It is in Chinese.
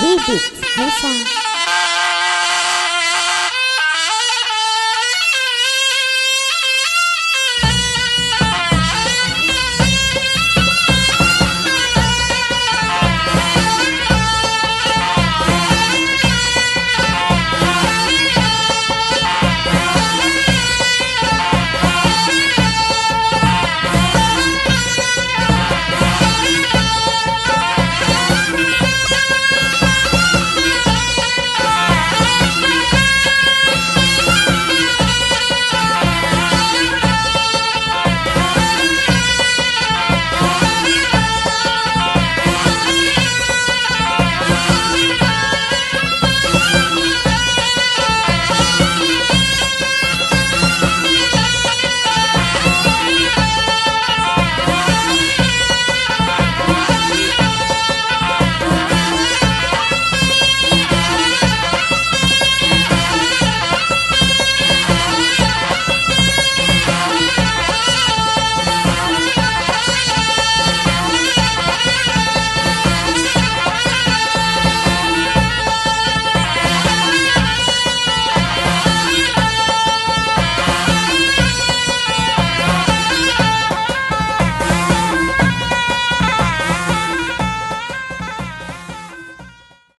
秘密消失。